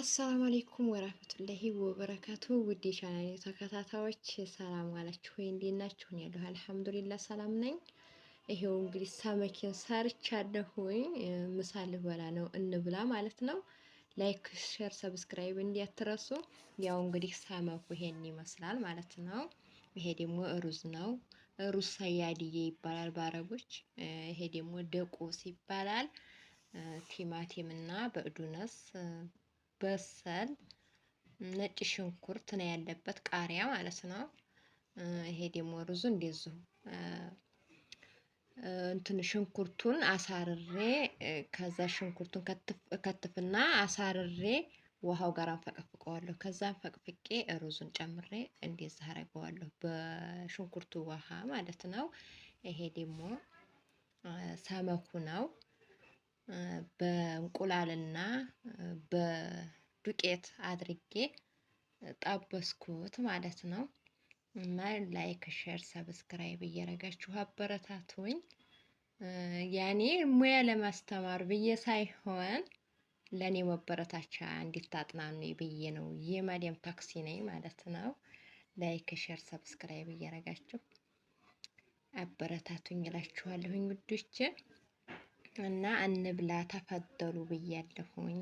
አሰላሙ አሌይኩም ወራህመቱላሂ ወበረካቱ ውድ የቻናሌ ተከታታዮች ሰላም ዋላችሁ ወይ? እንዴት ናችሁ? እኔ ያለሁ አልሐምዱሊላ ሰላም ነኝ። ይሄው እንግዲህ ሳመኪን ሰርቻለሁ ወይ ምሳ ልበላ ነው እንብላ ማለት ነው። ላይክ፣ ሼር፣ ሰብስክራይብ እንዲያትረሱ። ያው እንግዲህ ሳመኩ ይሄን ይመስላል ማለት ነው። ይሄ ደግሞ ሩዝ ነው። ሩዝ ሰያድዬ ይባላል በአረቦች። ይሄ ደግሞ ደቆስ ይባላል። ቲማቲም እና በእዱነስ በሰል ነጭ ሽንኩርት ነው ያለበት፣ ቃሪያ ማለት ነው። ይሄ ደግሞ ሩዙ እንደዚሁ እንትን ሽንኩርቱን አሳርሬ ከዛ ሽንኩርቱን ከትፍና አሳርሬ ውሃው ጋር አንፈቀፍቀዋለሁ። ከዛ አንፈቅፍቄ ሩዙን ጨምሬ እንደዚህ አደርገዋለሁ፣ በሽንኩርቱ ውሃ ማለት ነው። ይሄ ደግሞ ሰመኩ ነው። በእንቁላልና በዱቄት አድርጌ ጠበስኩት ማለት ነው። እና ላይክ፣ ሼር፣ ሰብስክራይብ እየረጋችሁ አበረታቱኝ። ያኔ ሙያ ለማስተማር ብዬ ሳይሆን ለእኔ መበረታቻ እንዲታጥናኑ ብዬ ነው። የማዲያም ታክሲ ነኝ ማለት ነው። ላይክ፣ ሼር፣ ሰብስክራይብ እያረጋችሁ አበረታቱኝ እላችኋለሁኝ ውዶቼ። እና እንብላ ተፈደሉ ብያለሁኝ።